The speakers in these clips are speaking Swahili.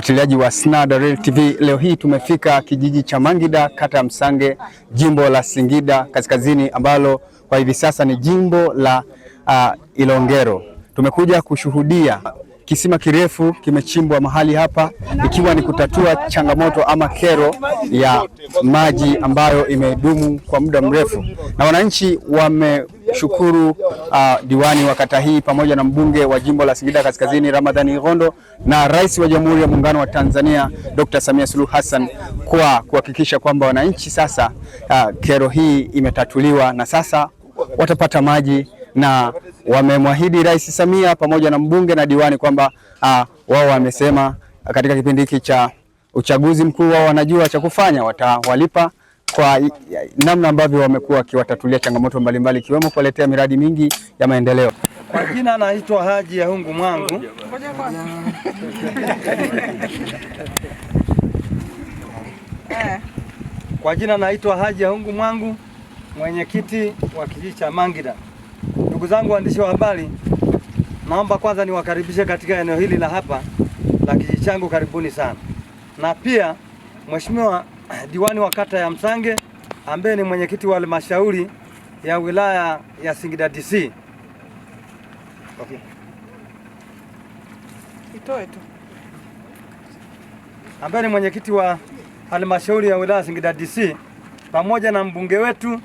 Wafuatiliaji wa Snada Real TV, leo hii tumefika kijiji cha Mangida, kata ya Msange, jimbo la Singida Kaskazini, ambalo kwa hivi sasa ni jimbo la uh, Ilongero. Tumekuja kushuhudia kisima kirefu kimechimbwa mahali hapa, ikiwa ni kutatua changamoto ama kero ya maji ambayo imedumu kwa muda mrefu, na wananchi wame shukuru uh, diwani wa kata hii pamoja na mbunge wa jimbo la Singida Kaskazini Ramadhani Ighondo na rais wa Jamhuri ya Muungano wa Tanzania Dr. Samia Suluhu Hassan kwa kuhakikisha kwamba wananchi sasa uh, kero hii imetatuliwa na sasa watapata maji na wamemwahidi Rais Samia pamoja na mbunge na diwani kwamba uh, wao wamesema katika kipindi hiki cha uchaguzi mkuu wao wanajua cha kufanya, watawalipa kwa namna ambavyo wamekuwa wakiwatatulia changamoto mbalimbali ikiwemo mbali, kuwaletea miradi mingi ya maendeleo. Kwa jina naitwa Haji ya Hungu Mwangu. Kwa jina naitwa Haji ya Hungu Mwangu, mwenyekiti wa kijiji cha Mangida. Ndugu zangu waandishi wa habari, naomba kwanza niwakaribishe katika eneo hili la hapa la kijiji changu, karibuni sana. Na pia mheshimiwa diwani wa kata ya Msange ambaye ni mwenyekiti wa halmashauri ya wilaya ya Singida DC. Okay. Itoe tu. Ambaye ni mwenyekiti wa halmashauri ya wilaya Singida DC pamoja na mbunge wetu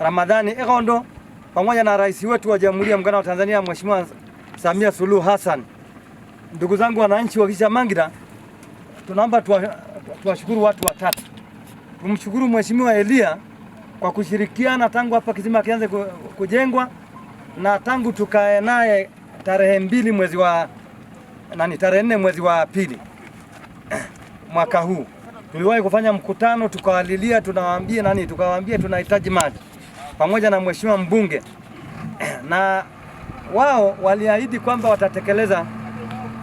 Ramadhani Egondo pamoja na rais wetu wa Jamhuri ya Muungano wa Tanzania Mheshimiwa Samia Suluhu Hassan. Ndugu zangu wananchi wa Kisha tunaomba tuwashukuru watu watatu. Tumshukuru Mheshimiwa Elia kwa kushirikiana tangu hapa kisima kianze kujengwa na tangu tukae naye tarehe mbili mwezi wa nani, tarehe nne mwezi wa pili mwaka huu tuliwahi kufanya mkutano tukawalilia, tunawaambia nani, tukawaambia tunahitaji maji pamoja na mheshimiwa mbunge, na wao waliahidi kwamba watatekeleza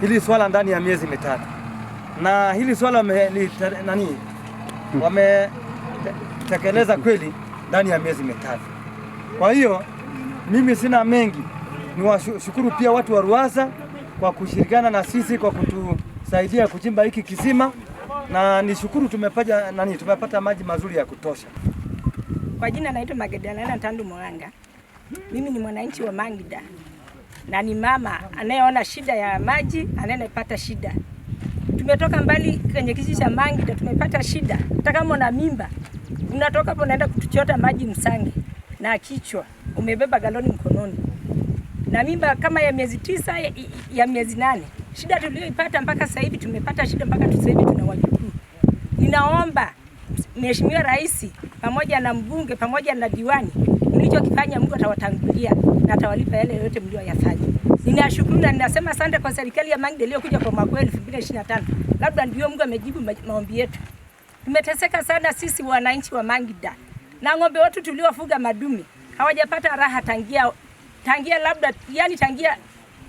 hili swala ndani ya miezi mitatu, na hili swala nani wametekeleza kweli ndani ya miezi mitatu. Kwa hiyo mimi sina mengi, niwashukuru pia watu wa RUWASA kwa kushirikiana na sisi kwa kutusaidia kuchimba hiki kisima, na nishukuru tumepata nani, tumepata maji mazuri ya kutosha. Kwa jina naitwa Magdalena Tandu Mwanga. Mimi ni mwananchi wa Mangida na ni mama anayeona shida ya maji, anayepata shida tumetoka mbali kwenye kijiji cha Mangi na tumepata shida. Hata kama una mimba unatoka hapo unaenda kutuchota maji Msangi na kichwa umebeba galoni mkononi na mimba kama ya miezi tisa ya, ya miezi nane. Shida tuliyoipata mpaka sasa hivi, tumepata shida mpaka sasa hivi tuna wajukuu. Ninaomba Mheshimiwa Rais pamoja na mbunge pamoja na diwani, mlichokifanya Mungu atawatangulia na atawalipa yale yote mlioyafanya. Ninashukuru na ninasema asante kwa serikali ya Magdi iliyokuja kwa mwaka 2025. Labda ndio Mungu amejibu maombi yetu. Tumeteseka sana sisi wananchi wa Magdi Na ng'ombe wetu tuliofuga madumi hawajapata raha tangia tangia labda yani tangia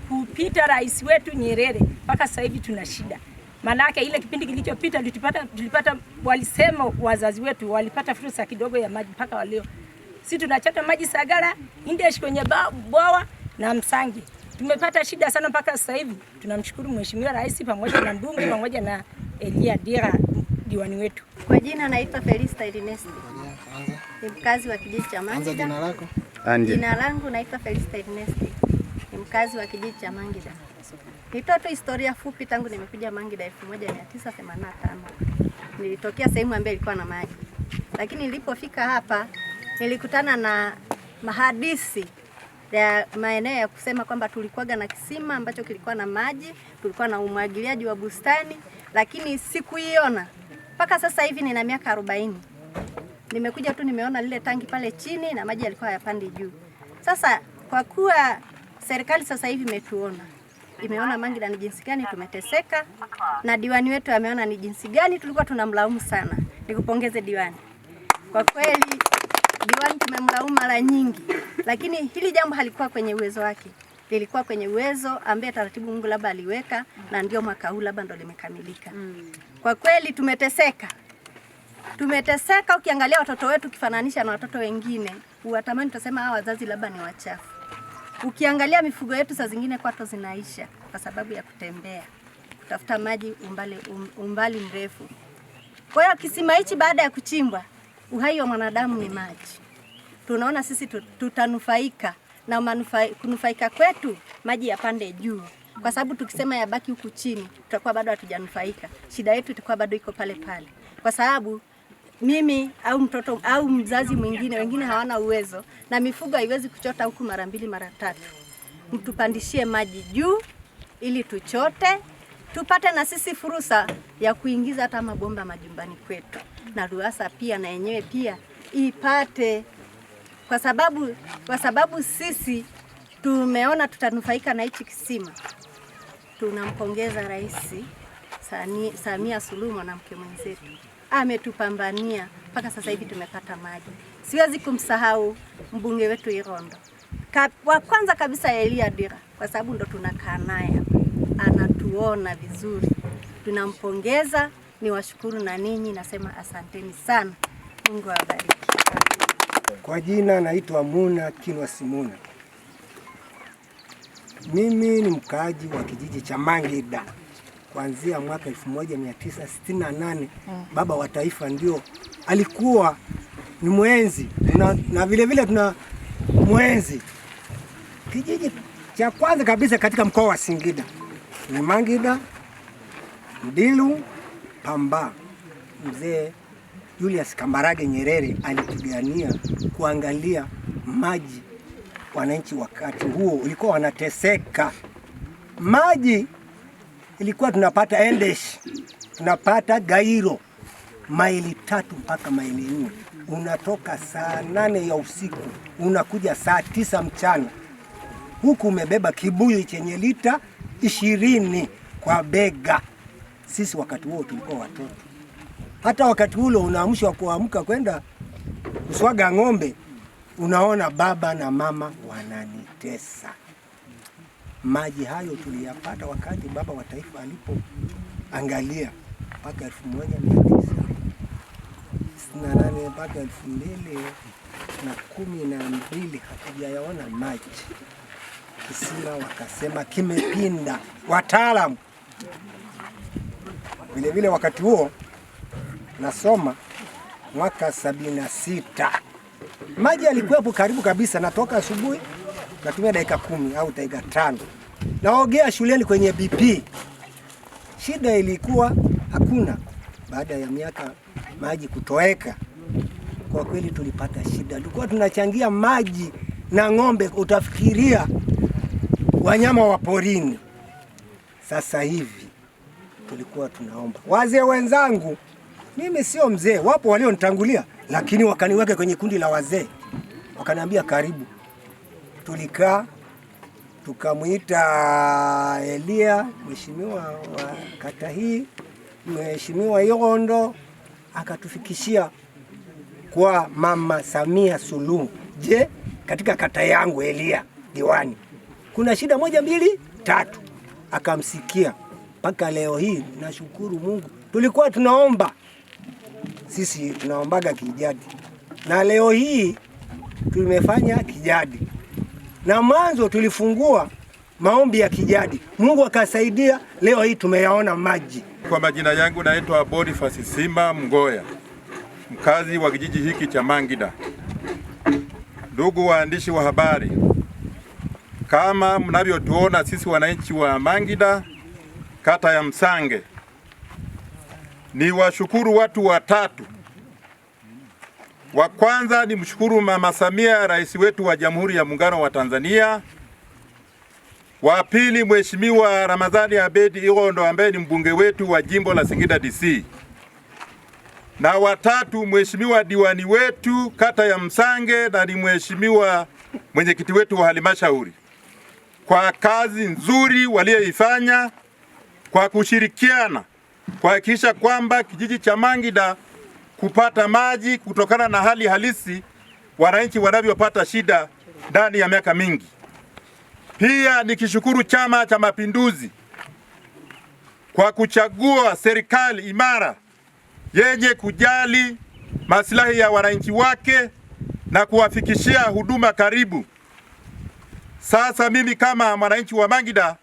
kupita rais wetu Nyerere mpaka sasa hivi tuna shida. Maana ile kipindi kilichopita tulipata tulipata walisema wazazi wetu walipata fursa kidogo ya maji mpaka leo. Sisi tunachota maji Sagara, Indesh kwenye bwawa na Msangi tumepata shida sana mpaka sasa hivi. Tunamshukuru Mheshimiwa Rais pamoja na mbunge pamoja na Elia Dira diwani wetu. Kwa jina naitwa Felista Ernest. Ni mkazi wa kijiji cha Mangida. Jina lako? Jina langu naitwa Felista Ernest. Ni mkazi wa kijiji cha Mangida. Nitoa tu historia fupi tangu nimekuja Mangida 1985. Nilitokea sehemu ambayo ilikuwa na maji. Lakini nilipofika hapa nilikutana na mahadisi ya maeneo ya kusema kwamba tulikuwaga na kisima ambacho kilikuwa na maji, tulikuwa na umwagiliaji wa bustani, lakini sikuiona mpaka sasa hivi. Nina miaka arobaini, nimekuja tu nimeona lile tangi pale chini na maji yalikuwa hayapandi juu. Sasa kwa kuwa serikali sasa hivi imetuona imeona Mangila ni jinsi gani tumeteseka, na diwani wetu ameona ni jinsi gani tulikuwa tunamlaumu sana. Nikupongeze diwani, kwa kweli diwani tumemlaumu mara nyingi, lakini hili jambo halikuwa kwenye uwezo wake, lilikuwa kwenye uwezo ambaye taratibu Mungu labda aliweka, na ndio mwaka huu labda ndo limekamilika. Kwa kweli tumeteseka, tumeteseka. Ukiangalia watoto wetu ukifananisha na watoto wengine, uwatamani tutasema hawa wazazi labda ni wachafu. Ukiangalia mifugo yetu saa zingine kwato zinaisha kwa sababu ya kutembea kutafuta maji umbali, um, umbali mrefu. Kwa hiyo kisima hichi baada ya kuchimbwa uhai wa mwanadamu ni maji. Tunaona sisi tutanufaika na manufai, kunufaika kwetu maji yapande juu, kwa sababu tukisema yabaki huku chini tutakuwa bado hatujanufaika. Shida yetu itakuwa bado iko pale pale, kwa sababu mimi au mtoto au mzazi mwingine, wengine hawana uwezo na mifugo haiwezi kuchota huku mara mbili mara tatu. Mtupandishie maji juu ili tuchote tupate na sisi fursa ya kuingiza hata mabomba majumbani kwetu, na RUWASA pia na yenyewe pia ipate, kwa sababu kwa sababu sisi tumeona tutanufaika na hichi kisima. Tunampongeza Rais Samia Suluhu, mwanamke mwenzetu, ametupambania mpaka sasa hivi tumepata maji. Siwezi kumsahau mbunge wetu Irondo, wa kwanza kabisa Elia Dira, kwa sababu ndo tunakaa naye ana kuona vizuri. Tunampongeza, ni washukuru na ninyi, nasema asanteni sana. Mungu awabariki. Kwa jina naitwa Muna Kinwa Simuna, mimi ni mkaaji wa kijiji cha Mangida kuanzia mwaka 1968 mm. baba wa taifa ndio alikuwa ni mwenzi na, na vilevile tuna mwenzi kijiji cha kwanza kabisa katika mkoa wa Singida. Mangida Mdilu, Pamba. Mzee Julius Kambarage Nyerere alipigania kuangalia maji wananchi, wakati huo ulikuwa wanateseka. Maji ilikuwa tunapata Endesh, tunapata Gairo, maili tatu mpaka maili nne. Unatoka saa nane ya usiku unakuja saa tisa mchana, huku umebeba kibuyu chenye lita ishirini kwa bega. Sisi wakati huo tulikuwa watoto, hata wakati ule unaamshwa kuamka kwenda kuswaga ng'ombe, unaona baba na mama wananitesa. Maji hayo tuliyapata wakati baba wa taifa alipoangalia mpaka elfu moja mia tisa sitini na nane mpaka elfu mbili na kumi na mbili hatujayaona maji kisima wakasema kimepinda, wataalamu vilevile. Wakati huo nasoma mwaka sabini na sita, maji yalikuwepo karibu kabisa. Natoka asubuhi natumia dakika kumi au dakika tano, naogea shuleni kwenye BP. Shida ilikuwa hakuna. Baada ya miaka maji kutoweka, kwa kweli tulipata shida. Tulikuwa tunachangia maji na ng'ombe, utafikiria wanyama wa porini. Sasa hivi tulikuwa tunaomba wazee wenzangu, mimi sio mzee, wapo walionitangulia, lakini wakaniweka kwenye kundi la wazee, wakaniambia karibu. Tulikaa tukamwita Elia, mheshimiwa wa kata hii, mheshimiwa Yondo, akatufikishia kwa mama Samia Suluhu. Je, katika kata yangu Elia diwani kuna shida moja mbili tatu, akamsikia mpaka leo hii. Nashukuru Mungu, tulikuwa tunaomba sisi tunaombaga kijadi, na leo hii tumefanya kijadi, na mwanzo tulifungua maombi ya kijadi, Mungu akasaidia, leo hii tumeyaona maji. Kwa majina yangu naitwa Boniface Simba Mgoya, mkazi wa kijiji hiki cha Mangida. Ndugu waandishi wa habari kama mnavyotuona sisi wananchi wa Mangida, kata ya Msange, ni washukuru watu watatu. Wa kwanza ni mshukuru Mama Samia, rais wetu wa Jamhuri ya Muungano wa Tanzania. Wa pili, Mheshimiwa Ramadhani Abedi Irondo ambaye ni mbunge wetu wa jimbo la Singida DC, na watatu, Mheshimiwa diwani wetu kata ya Msange na ni Mheshimiwa mwenyekiti wetu wa halmashauri kwa kazi nzuri walioifanya kwa kushirikiana kuhakikisha kwamba kijiji cha Mangida kupata maji kutokana na hali halisi wananchi wanavyopata shida ndani ya miaka mingi. Pia nikishukuru Chama cha Mapinduzi kwa kuchagua serikali imara yenye kujali maslahi ya wananchi wake na kuwafikishia huduma karibu sasa mimi kama mwananchi wa Mangida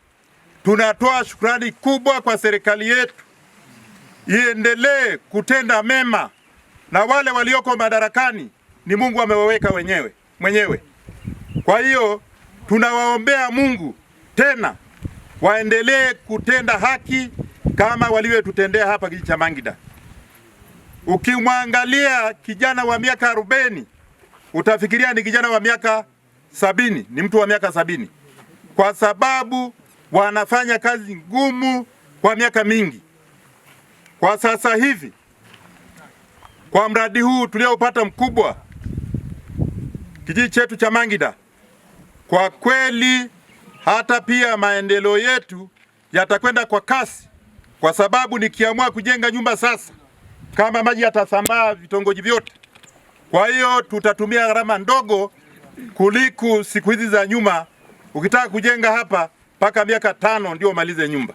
tunatoa shukrani kubwa kwa serikali yetu, iendelee kutenda mema na wale walioko madarakani ni Mungu amewaweka wenyewe mwenyewe. Kwa hiyo tunawaombea Mungu tena waendelee kutenda haki kama walivyotutendea hapa kijiji cha Mangida. Ukimwangalia kijana wa miaka arobaini utafikiria ni kijana wa miaka sabini, ni mtu wa miaka sabini, kwa sababu wanafanya kazi ngumu kwa miaka mingi. Kwa sasa hivi kwa mradi huu tuliopata mkubwa kijiji chetu cha Mangida, kwa kweli hata pia maendeleo yetu yatakwenda kwa kasi, kwa sababu nikiamua kujenga nyumba sasa, kama maji yatasambaa vitongoji vyote, kwa hiyo tutatumia gharama ndogo kuliko siku hizi za nyuma. Ukitaka kujenga hapa mpaka miaka tano ndio umalize nyumba.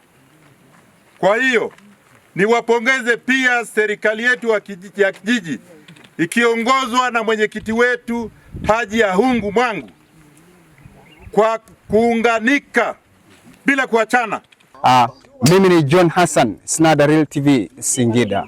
Kwa hiyo niwapongeze pia serikali yetu ya kijiji ikiongozwa na mwenyekiti wetu Haji hungu Mwangu kwa kuunganika bila kuachana. Ah, mimi ni John Hassan, Snada Real TV Singida.